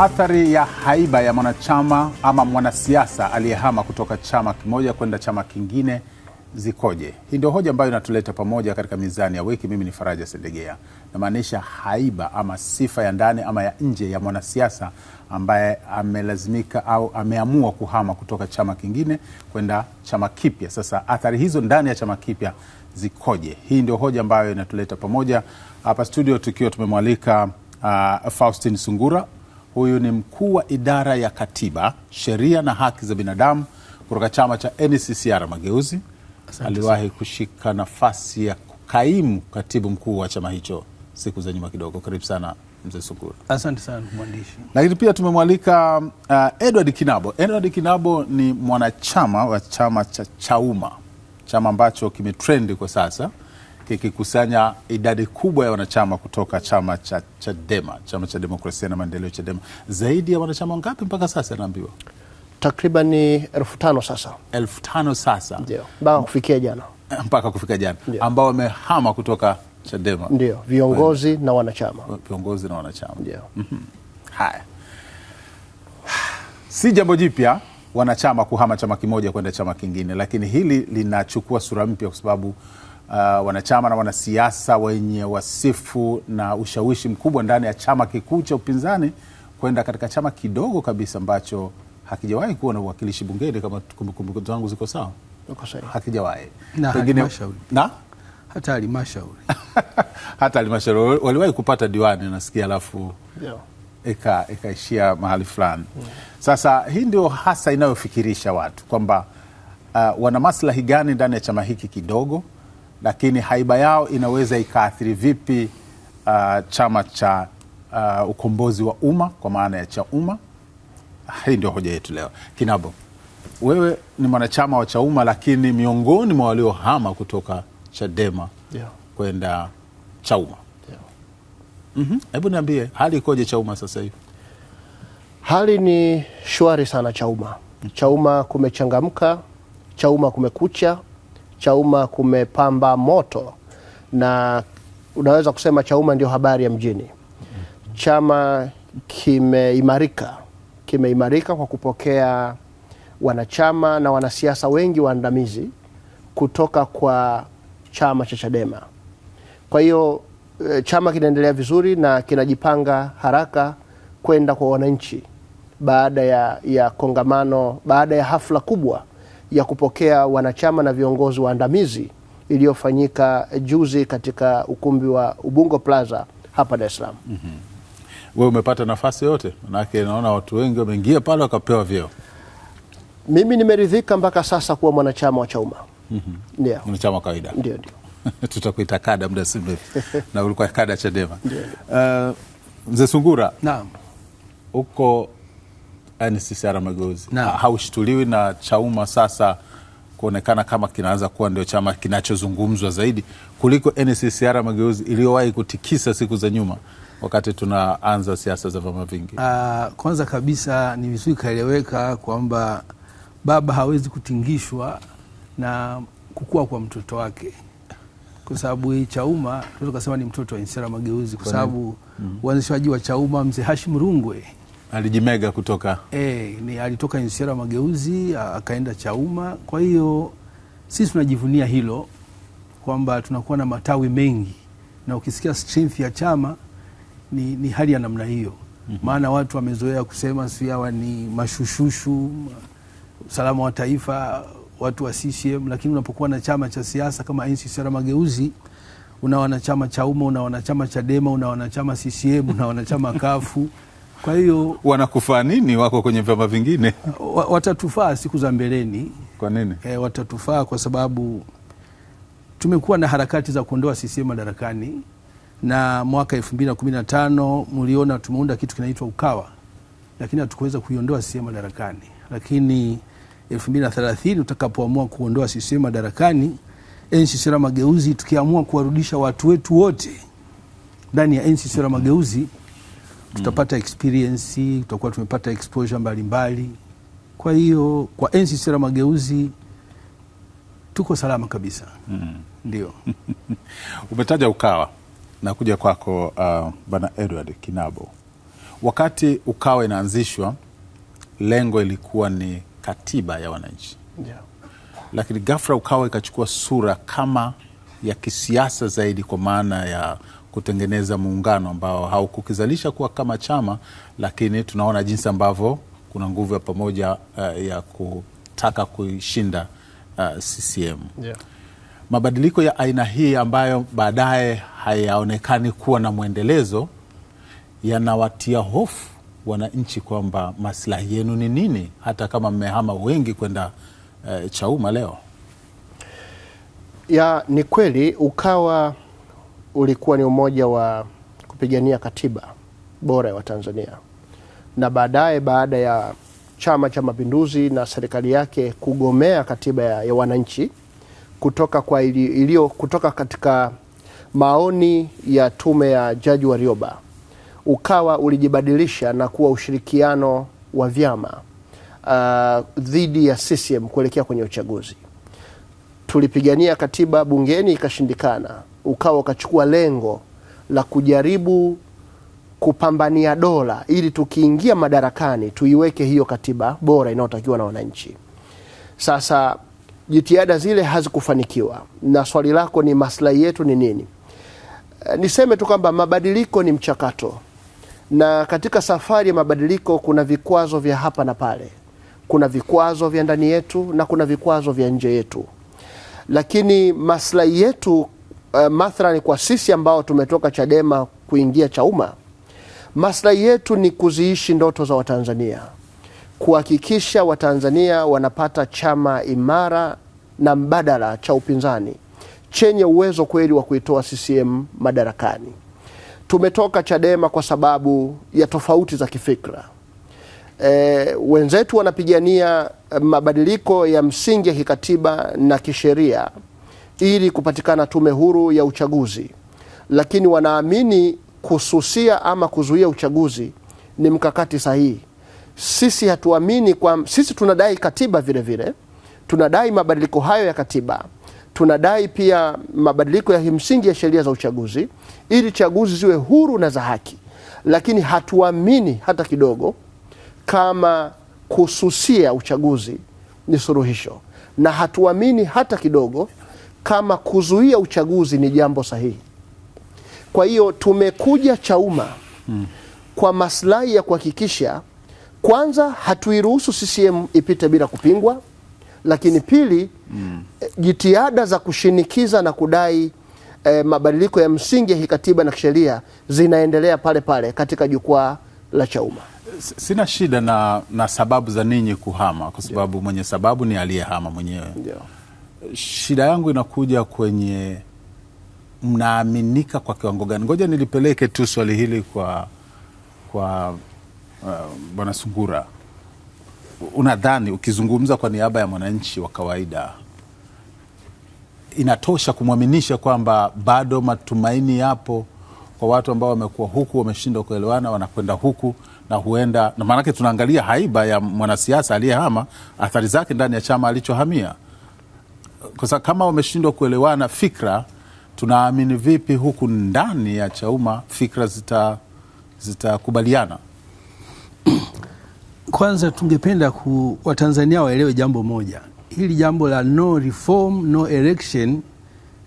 Athari ya haiba ya mwanachama ama mwanasiasa aliyehama kutoka chama kimoja kwenda chama kingine zikoje? Hii ndio hoja ambayo inatuleta pamoja katika Mizani ya Wiki. Mimi ni Faraja Sendegea. Namaanisha haiba ama sifa ya ndani ama ya nje ya mwanasiasa ambaye amelazimika au ameamua kuhama kutoka chama kingine kwenda chama kipya. Sasa athari hizo ndani ya chama kipya zikoje? Hii ndio hoja ambayo inatuleta pamoja hapa studio, tukiwa tumemwalika uh, Faustin Sungura Huyu ni mkuu wa idara ya katiba, sheria na haki za binadamu kutoka chama cha NCCR Mageuzi. Aliwahi kushika nafasi ya kaimu katibu mkuu wa chama hicho siku za nyuma kidogo. Karibu sana mzee Sukuru. Asante sana mwandishi. Lakini pia tumemwalika uh, Edward Kinabo. Edward Kinabo ni mwanachama wa chama cha Chauma, chama ambacho kimetrendi kwa sasa kikikusanya idadi kubwa ya wanachama kutoka chama cha Chadema, chama cha demokrasia na maendeleo Chadema. Zaidi ya wanachama ngapi mpaka sasa? Naambiwa takriban elfu tano sasa, elfu tano sasa, ndio mpaka kufikia jana, mpaka kufikia jana, ambao wamehama kutoka Chadema, ndio viongozi na wanachama, viongozi na wanachama, ndio mm -hmm. Haya, si jambo jipya wanachama kuhama chama kimoja kwenda chama kingine, lakini hili linachukua sura mpya kwa sababu uh, wanachama na wanasiasa wenye wasifu na ushawishi mkubwa ndani ya chama kikuu cha upinzani kwenda katika chama kidogo kabisa ambacho hakijawahi kuwa na uwakilishi bungeni, kama kumbukumbu zangu ziko sawa, hakijawahi hata halmashauri hata halmashauri waliwahi kupata diwani nasikia, alafu yeah ikaishia mahali fulani yeah. Sasa hii ndio hasa inayofikirisha watu kwamba uh, wana maslahi gani ndani ya chama hiki kidogo lakini haiba yao inaweza ikaathiri vipi uh, chama cha uh, ukombozi wa umma kwa maana ya Chaumma. Hii ndio hoja yetu leo. Kinabo, wewe ni mwanachama wa Chaumma, lakini miongoni mwa waliohama kutoka Chadema yeah. kwenda Chaumma yeah. mm hebu -hmm. niambie hali ikoje umma sasa hivi? Hali ni shwari sana cha umma kumechangamka, umma kumekucha Chauma kumepamba moto, na unaweza kusema Chauma ndio habari ya mjini. Chama kimeimarika, kimeimarika kwa kupokea wanachama na wanasiasa wengi waandamizi kutoka kwa chama cha Chadema. Kwa hiyo eh, chama kinaendelea vizuri na kinajipanga haraka kwenda kwa wananchi baada ya, ya kongamano baada ya hafla kubwa ya kupokea wanachama na viongozi waandamizi iliyofanyika juzi katika ukumbi wa Ubungo Plaza hapa Dar es Salaam. mm -hmm. We umepata nafasi yote? Manake naona watu wengi wameingia pale wakapewa vyeo. Mimi nimeridhika mpaka sasa kuwa mwanachama wa Chauma. mm -hmm. mwanachama wa kawaida, ndio ndio tutakuita kada muda si mrefu na ulikuwa kada Chadema. Uh, mzee Sungura, naam, huko NCCR yaani Mageuzi haushtuliwi na Chauma sasa kuonekana kama kinaanza kuwa ndio chama kinachozungumzwa zaidi kuliko NCCR Mageuzi iliyowahi kutikisa siku za nyuma wakati tunaanza siasa za vyama vingi. Uh, kwanza kabisa ni vizuri kaeleweka kwamba baba hawezi kutingishwa na kukua kwa mtoto wake, kwa sababu hii Chauma tunaweza kusema ni mtoto wa NCCR Mageuzi kwa sababu uanzishwaji mm -hmm. wa Chauma mzee Hashim Rungwe alijimega kutoka e, ni, alitoka NCCR Mageuzi akaenda Chauma. Kwa hiyo sisi tunajivunia hilo kwamba tunakuwa na matawi mengi, na ukisikia strength ya chama ni, ni hali ya namna hiyo mm -hmm. Maana watu wamezoea kusema si hawa ni mashushushu usalama wa taifa watu wa CCM, lakini unapokuwa na chama cha siasa kama NCCR Mageuzi una wanachama Chauma, una wanachama Chadema, una wanachama CCM, una wanachama kafu kwa hiyo wanakufaa nini? Wako kwenye vyama vingine, watatufaa siku za mbeleni. Kwa nini? E, watatufaa kwa sababu tumekuwa na harakati za kuondoa CCM madarakani na mwaka elfu mbili na kumi na tano mliona tumeunda kitu kinaitwa Ukawa, lakini hatukuweza kuiondoa CCM madarakani. Lakini elfu mbili na thelathini utakapoamua kuondoa CCM madarakani, NCCR Mageuzi tukiamua kuwarudisha watu wetu wote ndani ya NCCR Mageuzi mm -hmm tutapata experience, tutakuwa tumepata exposure mbalimbali. Kwa hiyo kwa sera Mageuzi tuko salama kabisa. mm. Ndio. Umetaja Ukawa na kuja kwako, uh, Bwana Edward Kinabo, wakati Ukawa inaanzishwa lengo ilikuwa ni katiba ya wananchi yeah. Lakini ghafla Ukawa ikachukua sura kama ya kisiasa zaidi, kwa maana ya kutengeneza muungano ambao haukukizalisha kuwa kama chama, lakini tunaona jinsi ambavyo kuna nguvu ya pamoja uh, ya kutaka kuishinda uh, eh, CCM yeah. Mabadiliko ya aina hii ambayo baadaye hayaonekani kuwa na mwendelezo yanawatia hofu wananchi kwamba maslahi yenu ni nini, hata kama mmehama wengi kwenda uh, Chauma leo. Ya, ni kweli ukawa ulikuwa ni umoja wa kupigania katiba bora wa Tanzania, na baadaye baada ya Chama cha Mapinduzi na serikali yake kugomea katiba ya, ya wananchi kutoka, kwa ili, ilio, kutoka katika maoni ya tume ya Jaji Warioba, Ukawa ulijibadilisha na kuwa ushirikiano wa vyama uh, dhidi ya CCM kuelekea kwenye uchaguzi. Tulipigania katiba bungeni ikashindikana, ukawa ukachukua lengo la kujaribu kupambania dola ili tukiingia madarakani tuiweke hiyo katiba bora inayotakiwa na wananchi. Sasa jitihada zile hazikufanikiwa, na swali lako ni maslahi yetu ni nini? Eh, niseme tu kwamba mabadiliko ni mchakato, na katika safari ya mabadiliko kuna vikwazo vya hapa na pale, kuna vikwazo vya ndani yetu na kuna vikwazo vya nje yetu, lakini maslahi yetu uh, mathalani kwa sisi ambao tumetoka Chadema kuingia Chauma, maslahi yetu ni kuziishi ndoto za Watanzania, kuhakikisha Watanzania wanapata chama imara na mbadala cha upinzani chenye uwezo kweli wa kuitoa CCM madarakani. Tumetoka Chadema kwa sababu ya tofauti za kifikra. E, wenzetu wanapigania eh, mabadiliko ya msingi ya kikatiba na kisheria ili kupatikana tume huru ya uchaguzi, lakini wanaamini kususia ama kuzuia uchaguzi ni mkakati sahihi. Sisi hatuamini kwa, sisi tunadai katiba vile vile, tunadai mabadiliko hayo ya katiba, tunadai pia mabadiliko ya kimsingi ya sheria za uchaguzi ili chaguzi ziwe huru na za haki, lakini hatuamini hata kidogo kama kususia uchaguzi ni suluhisho, na hatuamini hata kidogo kama kuzuia uchaguzi ni jambo sahihi. Kwa hiyo tumekuja Chauma hmm. kwa maslahi ya kuhakikisha kwanza hatuiruhusu CCM ipite bila kupingwa, lakini pili hmm. jitihada za kushinikiza na kudai E, mabadiliko ya msingi ya kikatiba na kisheria zinaendelea pale pale katika jukwaa la Chauma. Sina shida na, na sababu za ninyi kuhama kwa sababu yeah. mwenye sababu ni aliyehama mwenyewe yeah shida yangu inakuja kwenye mnaaminika kwa kiwango gani? Ngoja nilipeleke tu swali hili kwa, kwa uh, Bwana Sungura, unadhani ukizungumza kwa niaba ya mwananchi wa kawaida inatosha kumwaminisha kwamba bado matumaini yapo kwa watu ambao wamekuwa huku wameshindwa kuelewana, wanakwenda huku na huenda na, maanake tunaangalia haiba ya mwanasiasa aliyehama, athari zake ndani ya chama alichohamia kwa sababu kama wameshindwa kuelewana fikra, tunaamini vipi huku ndani ya Chauma fikra zitakubaliana? Zita kwanza, tungependa ku Watanzania waelewe jambo moja, hili jambo la no reform no election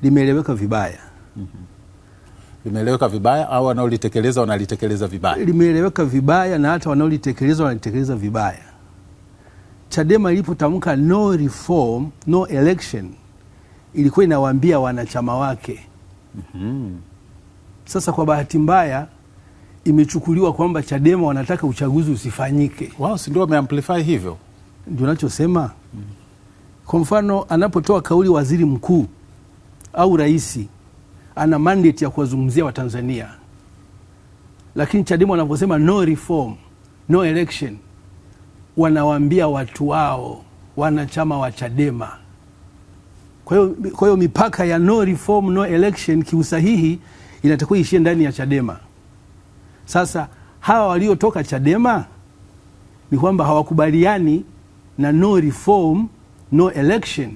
limeeleweka vibaya. Mm-hmm. Limeeleweka vibaya au wanaolitekeleza wanalitekeleza vibaya? Limeeleweka vibaya na hata wanaolitekeleza wanalitekeleza vibaya Chadema ilipotamka no reform, no election ilikuwa inawaambia wanachama wake mm -hmm. Sasa kwa bahati mbaya imechukuliwa kwamba Chadema wanataka uchaguzi usifanyike. Wao si ndio wameamplify hivyo, ndio nachosema mm -hmm. Kwa mfano anapotoa kauli waziri mkuu au rais ana mandate ya kuwazungumzia Watanzania, lakini Chadema wanaposema no reform, no election wanawaambia watu wao wanachama wa Chadema. Kwa hiyo mipaka ya no reform no election kiusahihi inatakiwa ishie ndani ya Chadema. Sasa hawa waliotoka Chadema ni kwamba hawakubaliani na no reform no election,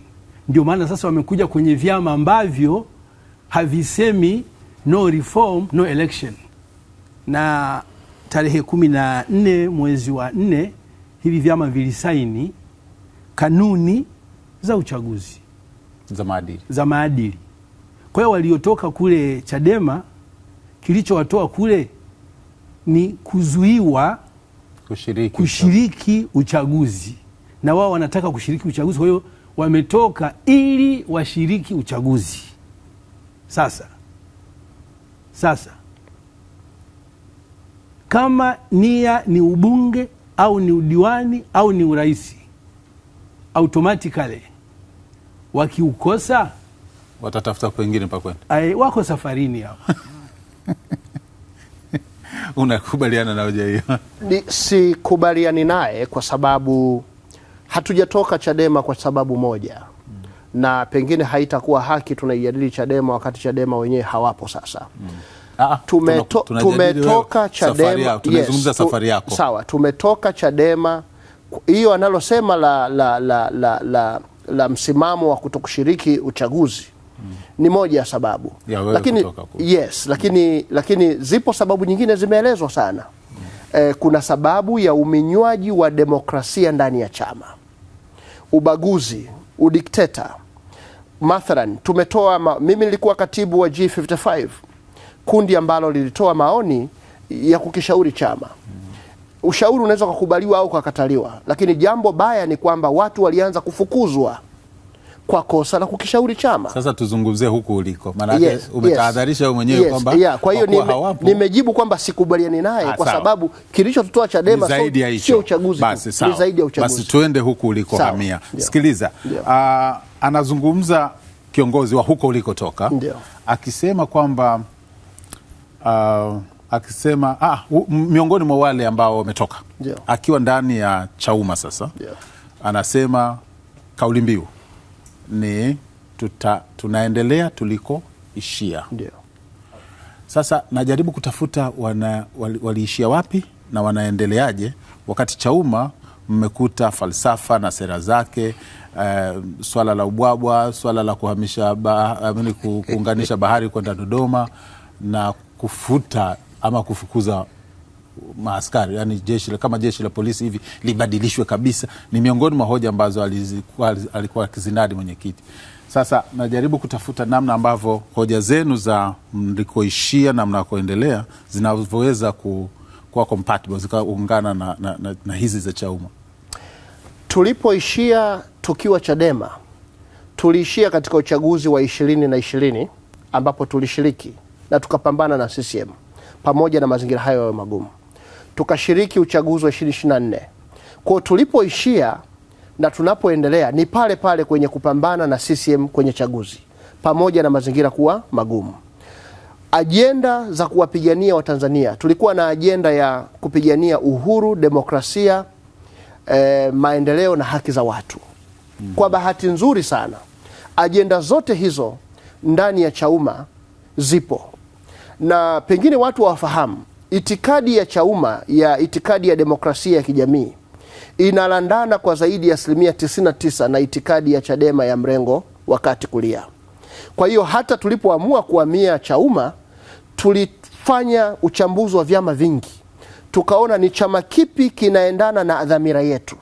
ndio maana sasa wamekuja kwenye vyama ambavyo havisemi no reform no election. Na tarehe kumi na nne mwezi wa nne hivi vyama vilisaini kanuni za uchaguzi za maadili, za maadili. Kwa hiyo waliotoka kule Chadema kilichowatoa kule ni kuzuiwa kushiriki, kushiriki uchaguzi na wao wanataka kushiriki uchaguzi. Kwa hiyo wametoka ili washiriki uchaguzi. Sasa sasa, kama nia ni ubunge au ni udiwani au ni uraisi, automatically wakiukosa watatafuta kwengine pa kwenda. Wako safarini hapo Unakubaliana na hoja hiyo? Sikubaliani naye kwa sababu hatujatoka Chadema kwa sababu moja mm. na pengine haitakuwa haki tunaijadili Chadema wakati Chadema wenyewe hawapo sasa mm. Ah, Tumeto, tumetoka Chadema, safari yako. sawa, tumetoka Chadema hiyo analosema la, la, la, la, la, la msimamo wa kutokushiriki uchaguzi hmm, ni moja ya sababu ya lakini, yes, lakini, lakini zipo sababu nyingine zimeelezwa sana hmm. Eh, kuna sababu ya uminywaji wa demokrasia ndani ya chama, ubaguzi, udikteta. Mathalan tumetoa ma, mimi nilikuwa katibu wa G55 kundi ambalo lilitoa maoni ya kukishauri chama. Ushauri unaweza kukubaliwa au kukataliwa, lakini jambo baya ni kwamba watu walianza kufukuzwa kwa kosa la kukishauri chama. Sasa tuzungumzie huku uliko, maana yes, umetahadharisha wewe mwenyewe yes, kwamba yeah. Kwa hiyo nime, nimejibu kwamba sikubaliani naye ah, kwa sababu kilichotutoa Chadema sio uchaguzi, ni zaidi ya uchaguzi. Basi tuende huku uliko sao. Hamia yeah. Sikiliza yeah. Uh, anazungumza kiongozi wa huko ulikotoka akisema kwamba uh, akisema ah, miongoni mwa wale ambao wametoka yeah. akiwa ndani ya Chauma sasa yeah. anasema kauli mbiu ni tuta, tunaendelea tulikoishia yeah. Sasa najaribu kutafuta waliishia waliishia wapi na wanaendeleaje, wakati Chauma mmekuta falsafa na sera zake Uh, swala la ubwabwa, swala la kuhamisha uh, kuunganisha bahari kwenda Dodoma na kufuta ama kufukuza maaskari yani jeshi, kama jeshi la polisi hivi libadilishwe kabisa, ni miongoni mwa hoja ambazo alizikuwa, alikuwa akizinadi mwenyekiti. Sasa najaribu kutafuta namna ambavyo hoja zenu za mlikoishia na mnakoendelea zinavyoweza ku, kuwa compatible zikaungana na, na, na, na hizi za Chauma. Tulipoishia tukiwa Chadema tuliishia katika uchaguzi wa ishirini na ishirini ambapo tulishiriki na tukapambana na CCM pamoja na mazingira hayo ya magumu, tukashiriki uchaguzi wa 2024. Kwa tulipoishia na tunapoendelea ni pale pale kwenye kupambana na CCM kwenye chaguzi pamoja na mazingira kuwa magumu. Ajenda za kuwapigania Watanzania, tulikuwa na ajenda ya kupigania uhuru, demokrasia, eh, maendeleo na haki za watu. Mm-hmm. Kwa bahati nzuri sana ajenda zote hizo ndani ya Chauma zipo na pengine watu wafahamu itikadi ya Chauma ya itikadi ya demokrasia ya kijamii inalandana kwa zaidi ya asilimia 99 na itikadi ya Chadema ya mrengo wa kati kulia. Kwa hiyo hata tulipoamua kuhamia Chauma tulifanya uchambuzi wa vyama vingi, tukaona ni chama kipi kinaendana na dhamira yetu,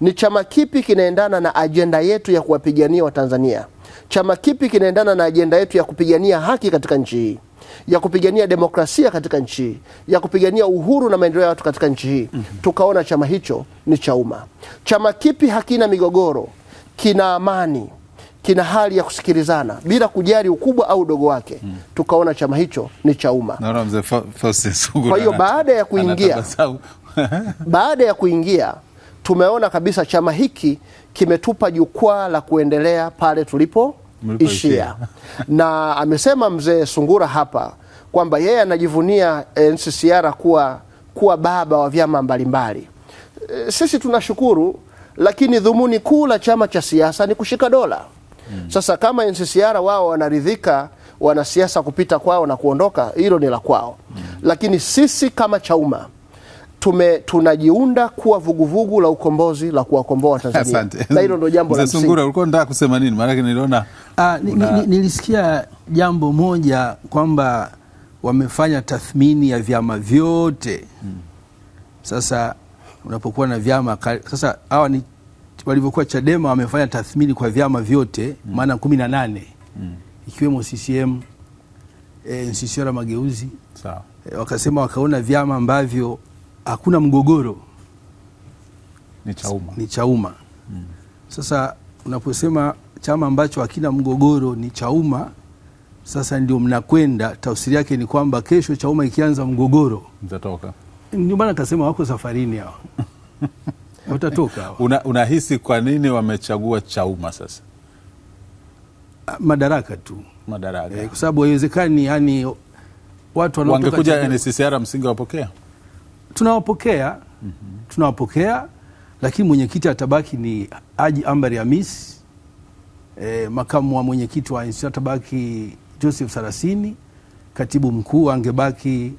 ni chama kipi kinaendana na ajenda yetu ya kuwapigania Watanzania, chama kipi kinaendana na ajenda yetu ya kupigania haki katika nchi hii ya kupigania demokrasia katika nchi hii, ya kupigania uhuru na maendeleo ya watu katika nchi hii mm -hmm. Tukaona chama hicho ni cha umma Chama kipi hakina migogoro, kina amani, kina hali ya kusikilizana bila kujali ukubwa au udogo wake mm. Tukaona chama hicho ni umma. Kwa hiyo baada ya kuingia baada ya kuingia tumeona kabisa chama hiki kimetupa jukwaa la kuendelea pale tulipo ishia. Na amesema mzee Sungura hapa kwamba yeye anajivunia eh, NCCR kuwa, kuwa baba wa vyama mbalimbali. Eh, sisi tunashukuru, lakini dhumuni kuu la chama cha siasa ni kushika dola. Hmm. Sasa kama NCCR wao wanaridhika wanasiasa kupita kwao na kuondoka, hilo ni la kwao. Hmm. Lakini sisi kama CHAUMMA tume tunajiunda kuwa vuguvugu la ukombozi la kuwakomboa Tanzania, na hilo ndo jambo la msingi. Sungura, ulikuwa unataka kusema nini? Maana niliona Ah, una... nilisikia jambo moja kwamba wamefanya tathmini ya vyama vyote hmm. Sasa unapokuwa na vyama sasa, hawa ni walivyokuwa Chadema wamefanya tathmini kwa vyama vyote hmm. maana kumi na nane mm. ikiwemo CCM e, eh, NCCR Mageuzi e, wakasema wakaona vyama ambavyo hakuna mgogoro ni Chauma, ni Chauma. Hmm. Sasa unaposema chama ambacho hakina mgogoro ni Chauma. Sasa ndio mnakwenda, tafsiri yake ni kwamba kesho Chauma ikianza mgogoro mtatoka. Ndio maana akasema wako safarini hao watatoka. Una, unahisi kwa nini wamechagua Chauma sasa? Ah, madaraka tu madaraka eh, kwa sababu haiwezekani yani watu wangekuja NCCR msingi wapokea, tunawapokea mm -hmm. tunawapokea, lakini mwenyekiti atabaki ni Haji Ambari Hamisi eh, makamu wa mwenyekiti wa ANC atabaki Joseph Sarasini, katibu mkuu angebaki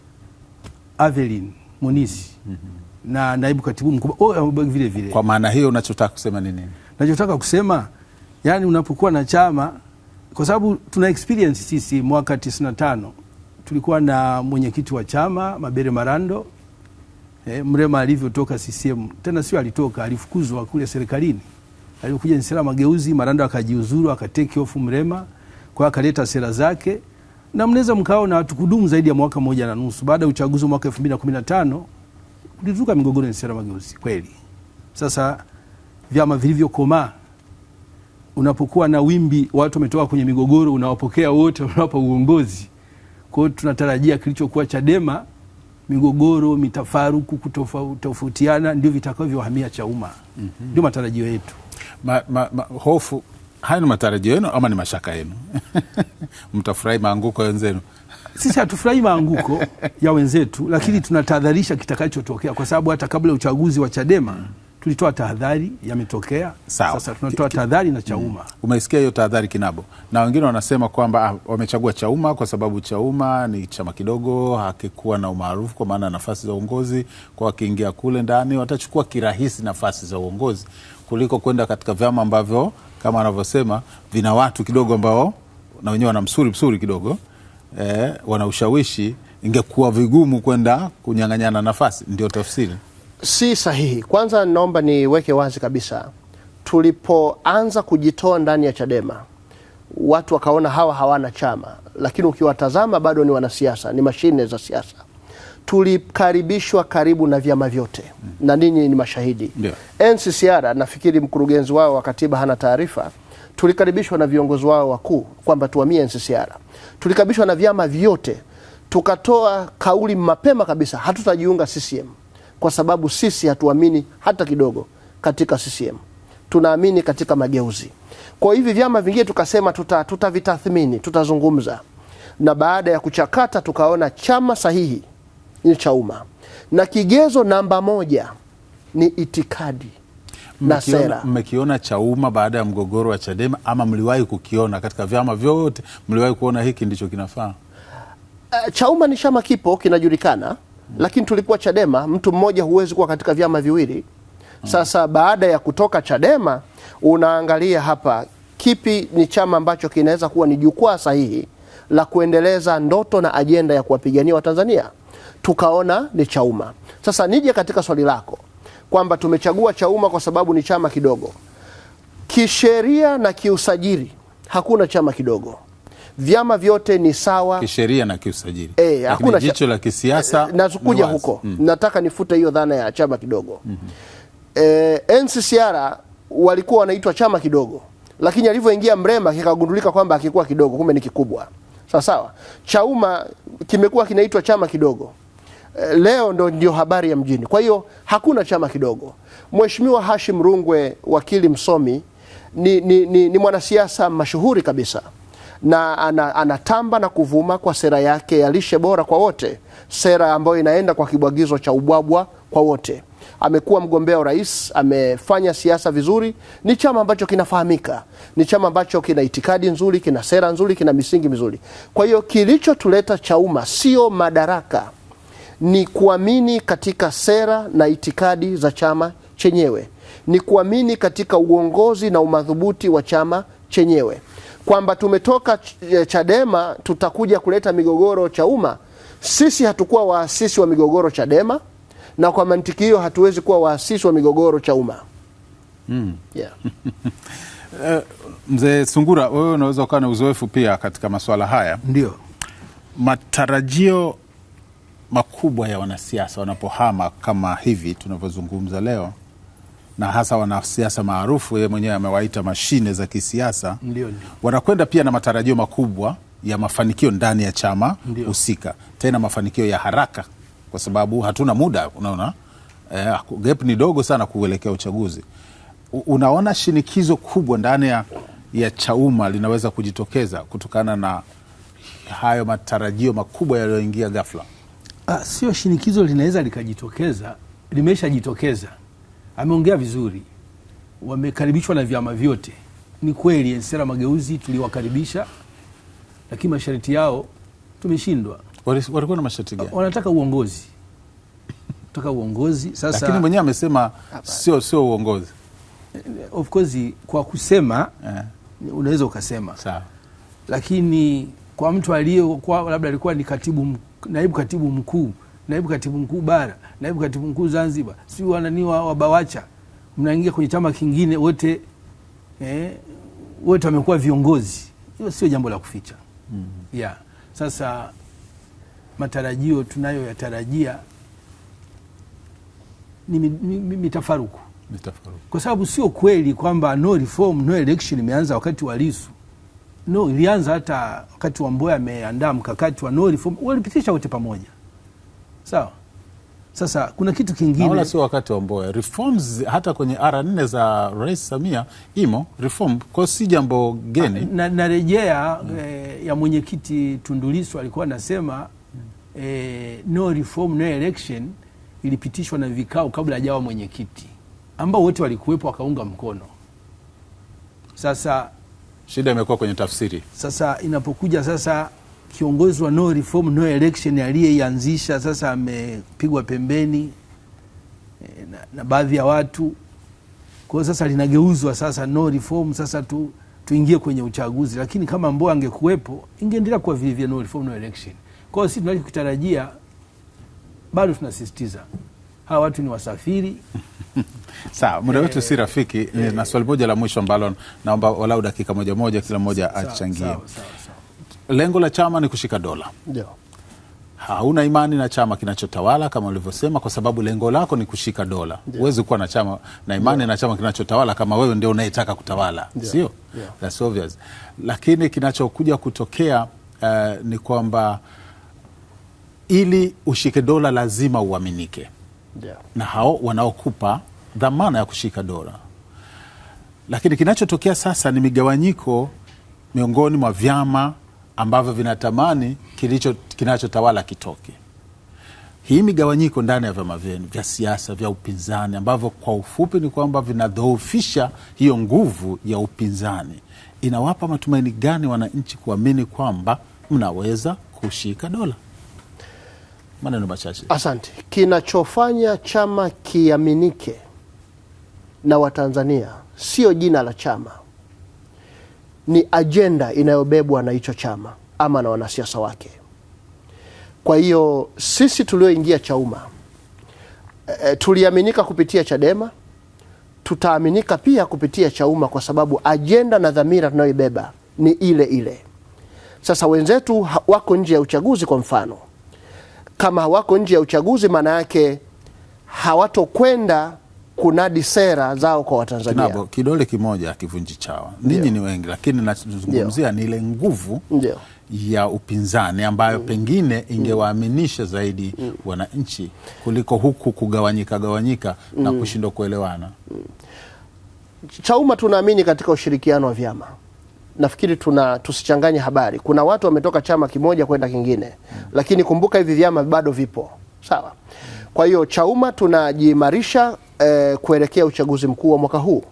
Avelin Munisi mm -hmm. na naibu katibu mkuu oh, eh, vile vile. Kwa maana hiyo unachotaka kusema ni nini? Nachotaka kusema yani, unapokuwa na chama, kwa sababu tuna experience sisi, mwaka 95 tulikuwa na mwenyekiti wa chama Mabere Marando eh, Mrema alivyotoka CCM, tena sio alitoka, alifukuzwa kule serikalini alikuja ni sera mageuzi, Maranda akajiuzuru akateki ofu Mrema, kwa akaleta sera zake na mnaweza mkaona hatukudumu zaidi ya mwaka mmoja na nusu. Baada ya uchaguzi mwaka 2015 kulituka migogoro ni sera mageuzi kweli. Sasa vyama vilivyokomaa, unapokuwa na wimbi watu wametoka kwenye migogoro, unawapokea wote, unawapa uongozi. Kwa hiyo tunatarajia kilichokuwa Chadema, migogoro, mitafaruku, kutofautiana, ndio vitakavyohamia Chauma. mm -hmm. Ndio matarajio yetu ma, ma, ma, hofu hayo ni matarajio yenu ama ni mashaka yenu? mtafurahi maanguko wenzenu? Sisi hatufurahi maanguko ya wenzetu, lakini tunatahadharisha kitakachotokea, kwa sababu hata kabla ya uchaguzi wa Chadema tulitoa tahadhari, yametokea. Sasa tunatoa tahadhari na Chauma. Mm. umesikia hiyo tahadhari, Kinabo, na wengine wanasema kwamba ah, wamechagua Chauma kwa sababu Chauma ni chama kidogo, hakikuwa na umaarufu kwa maana nafasi za uongozi, kwa wakiingia kule ndani watachukua kirahisi nafasi za uongozi kuliko kwenda katika vyama ambavyo kama anavyosema vina watu kidogo ambao na wenyewe wana msuri msuri kidogo eh, wana ushawishi, ingekuwa vigumu kwenda kunyang'anyana nafasi. Ndio tafsiri si sahihi. Kwanza naomba niweke wazi kabisa, tulipoanza kujitoa ndani ya Chadema watu wakaona hawa hawana chama, lakini ukiwatazama bado ni wanasiasa, ni mashine za siasa tulikaribishwa karibu na vyama vyote mm. na ninyi ni mashahidi yeah. NCCR nafikiri mkurugenzi wao wa katiba hana taarifa. Tulikaribishwa na viongozi wao wakuu kwamba tuhamie NCCR, tulikaribishwa na vyama vyote, tukatoa kauli mapema kabisa, hatutajiunga CCM kwa sababu sisi hatuamini hata kidogo katika CCM, tunaamini katika mageuzi. Kwa hivi vyama vingine tukasema tutavitathmini, tuta tutazungumza, na baada ya kuchakata tukaona chama sahihi ni cha umma, na kigezo namba moja ni itikadi na sera. Mmekiona Chauma baada ya mgogoro wa Chadema ama mliwahi kukiona katika vyama vyote? Mliwahi kuona hiki ndicho kinafaa? Uh, eh, Chauma ni chama kipo kinajulikana, hmm. Lakini tulikuwa Chadema, mtu mmoja huwezi kuwa katika vyama viwili. Sasa baada ya kutoka Chadema unaangalia hapa kipi ni chama ambacho kinaweza kuwa ni jukwaa sahihi la kuendeleza ndoto na ajenda ya kuwapigania Watanzania tukaona ni Chauma. Sasa nije katika swali lako kwamba tumechagua Chauma kwa sababu ni chama kidogo. Kisheria na kiusajiri hakuna chama kidogo, vyama vyote ni sawa kisheria na kiusajiri E, eh, hakuna jicho la kisiasa e, nakuja huko mm. Nataka nifute hiyo dhana ya chama kidogo mm -hmm. E, eh, NCCR walikuwa wanaitwa chama kidogo, lakini alivyoingia Mrema kikagundulika kwamba hakikuwa kidogo, kumbe ni kikubwa sawa sawa. Chauma kimekuwa kinaitwa chama kidogo eh, leo ndo ndio habari ya mjini. Kwa hiyo hakuna chama kidogo. Mheshimiwa Hashim Rungwe, wakili msomi, ni, ni, ni, ni mwanasiasa mashuhuri kabisa na anatamba na kuvuma kwa sera yake ya lishe bora kwa wote, sera ambayo inaenda kwa kibwagizo cha ubwabwa kwa wote. Amekuwa mgombea urais, amefanya siasa vizuri. Ni chama ambacho kinafahamika, ni chama ambacho kina itikadi nzuri, kina sera nzuri, kina misingi mizuri. Kwa hiyo kilichotuleta Chauma sio madaraka, ni kuamini katika sera na itikadi za chama chenyewe, ni kuamini katika uongozi na umadhubuti wa chama chenyewe kwamba tumetoka eh, Chadema tutakuja kuleta migogoro Chauma. Sisi hatukuwa waasisi wa migogoro Chadema, na kwa mantiki hiyo hatuwezi kuwa waasisi wa migogoro Chauma. mm. yeah. Eh, mzee Sungura, wewe unaweza ukawa na uzoefu pia katika masuala haya. Ndio matarajio makubwa ya wanasiasa wanapohama kama hivi tunavyozungumza leo na hasa wanasiasa maarufu, yeye mwenyewe amewaita mashine za kisiasa, wanakwenda pia na matarajio makubwa ya mafanikio ndani ya chama husika, tena mafanikio ya haraka, kwa sababu hatuna muda. Unaona eh, gap ni dogo sana kuelekea uchaguzi. Unaona shinikizo kubwa ndani ya, ya Chauma linaweza kujitokeza kutokana na hayo matarajio makubwa yaliyoingia ghafla. Ah, sio shinikizo linaweza likajitokeza, limeshajitokeza ameongea vizuri, wamekaribishwa na vyama vyote. Ni kweli Ensera Mageuzi tuliwakaribisha, lakini masharti yao tumeshindwa. Walikuwa na masharti gani? Wanataka uongozi, wanataka uongozi. Sasa lakini mwenyewe amesema sio sio uongozi. Of course kwa kusema yeah, unaweza ukasema sawa, lakini kwa mtu aliyokuwa labda alikuwa ni katibu, naibu katibu mkuu naibu katibu mkuu bara, naibu katibu mkuu Zanzibar, si wanani wabawacha mnaingia kwenye chama kingine wote eh, wote wamekuwa viongozi. Hiyo sio jambo la kuficha mm -hmm. yeah. Sasa matarajio tunayoyatarajia ni mitafaruku kwa sababu sio kweli kwamba no reform no election imeanza wakati wa Lisu. No, ilianza hata wakati wa Mboya ameandaa mkakati wa no reform, walipitisha wote pamoja sawa sasa kuna kitu kingine, wala sio wakati wa mboya Reforms hata kwenye ara nne za Rais Samia imo reform, kwa si jambo geni. Ah, narejea na mm. eh, ya mwenyekiti tunduliso alikuwa anasema mm. eh, no reform no election ilipitishwa na vikao kabla ajawa mwenyekiti, ambao wote walikuwepo wakaunga mkono. Sasa shida imekuwa kwenye tafsiri. Sasa inapokuja sasa kiongozi wa no reform no election aliyeianzisha sasa amepigwa pembeni eh, na, na baadhi ya watu. Kwa hiyo sasa linageuzwa sasa no reform, sasa tu tuingie kwenye uchaguzi, lakini kama Mbowe angekuwepo ingeendelea kuwa vile vile no reform no election. Kwa hiyo sisi tunachokitarajia bado tunasisitiza hawa watu ni wasafiri Sawa, muda wetu si rafiki. Eh, eh, na swali moja la mwisho ambalo naomba walau dakika moja moja kila mmoja achangie lengo la chama ni kushika dola yeah. Hauna imani na chama kinachotawala kama ulivyosema, kwa sababu lengo lako ni kushika dola yeah. kuwa na chama na imani yeah. na chama kinachotawala kama wewe ndio unayetaka kutawala yeah. Sio yeah. That's obvious. Lakini kinachokuja kutokea uh, ni kwamba ili ushike dola lazima uaminike yeah. na hao wanaokupa dhamana ya kushika dola. Lakini kinachotokea sasa ni migawanyiko miongoni mwa vyama ambavyo vinatamani kilicho kinachotawala kitoke. Hii migawanyiko ndani ya vyama vyenu vya siasa vya upinzani, ambavyo kwa ufupi ni kwamba vinadhoofisha hiyo nguvu ya upinzani, inawapa matumaini gani wananchi kuamini kwamba mnaweza kushika dola? Maneno machache, asante. Kinachofanya chama kiaminike na Watanzania sio jina la chama ni ajenda inayobebwa na hicho chama ama na wanasiasa wake. Kwa hiyo sisi tulioingia Chauma e, tuliaminika kupitia Chadema, tutaaminika pia kupitia Chauma kwa sababu ajenda na dhamira tunayoibeba ni ile ile. Sasa wenzetu wako nje ya uchaguzi. Kwa mfano, kama wako nje ya uchaguzi, maana yake hawatokwenda kunadi sera zao kwa Watanzania. Kinabo, kidole kimoja akivunji chawa, ninyi ni wengi, lakini nazungumzia ni ile nguvu Ndiyo. ya upinzani ambayo mm. pengine mm. ingewaaminisha zaidi mm. wananchi kuliko huku kugawanyika gawanyika mm. na kushindwa kuelewana mm. Chauma tunaamini katika ushirikiano wa vyama nafikiri tuna tusichanganye habari. Kuna watu wametoka chama kimoja kwenda kingine mm. lakini kumbuka hivi vyama bado vipo sawa. Kwa hiyo Chauma tunajiimarisha eh, kuelekea uchaguzi mkuu wa mwaka huu,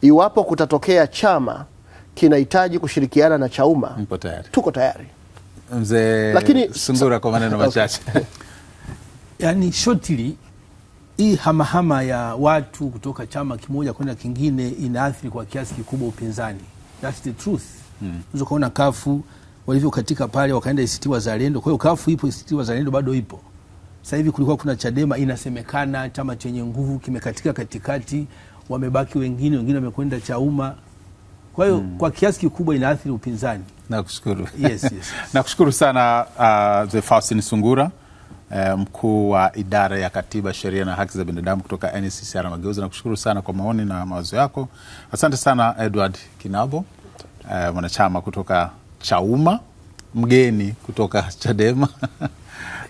iwapo kutatokea chama kinahitaji kushirikiana na Chauma, tayari? Tuko tayari mzee. Lakini Sungura, kwa maneno machache yani shortly hii hamahama ya watu kutoka chama kimoja kwenda kingine inaathiri kwa kiasi kikubwa upinzani. That's the truth. Hmm. Unaweza kuona kafu walivyokatika pale wakaenda ACT Wazalendo. Kwa hiyo kafu ipo, ACT Wazalendo bado ipo. Sasa hivi kulikuwa kuna Chadema inasemekana chama chenye nguvu kimekatika katikati, wamebaki wengine, wengine wamekwenda Chauma. Kwa hiyo hmm, kwa kiasi kikubwa inaathiri upinzani. Nakushukuru. Yes, yes, yes. Nakushukuru sana uh, Faustin Sungura uh, mkuu wa idara ya katiba, sheria na haki za binadamu kutoka NCCR Mageuzi. Nakushukuru sana kwa maoni na mawazo yako. Asante sana Edward Kinabo uh, mwanachama kutoka Chauma, mgeni kutoka Chadema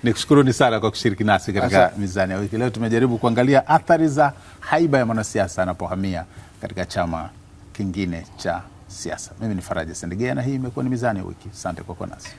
ni kushukuruni sana kwa kushiriki nasi katika mizani ya wiki. Leo tumejaribu kuangalia athari za haiba ya mwanasiasa anapohamia katika chama kingine cha siasa. Mimi ni Faraja Sendegea na hii imekuwa ni mizani ya wiki. Asante kwa kuwa nasi.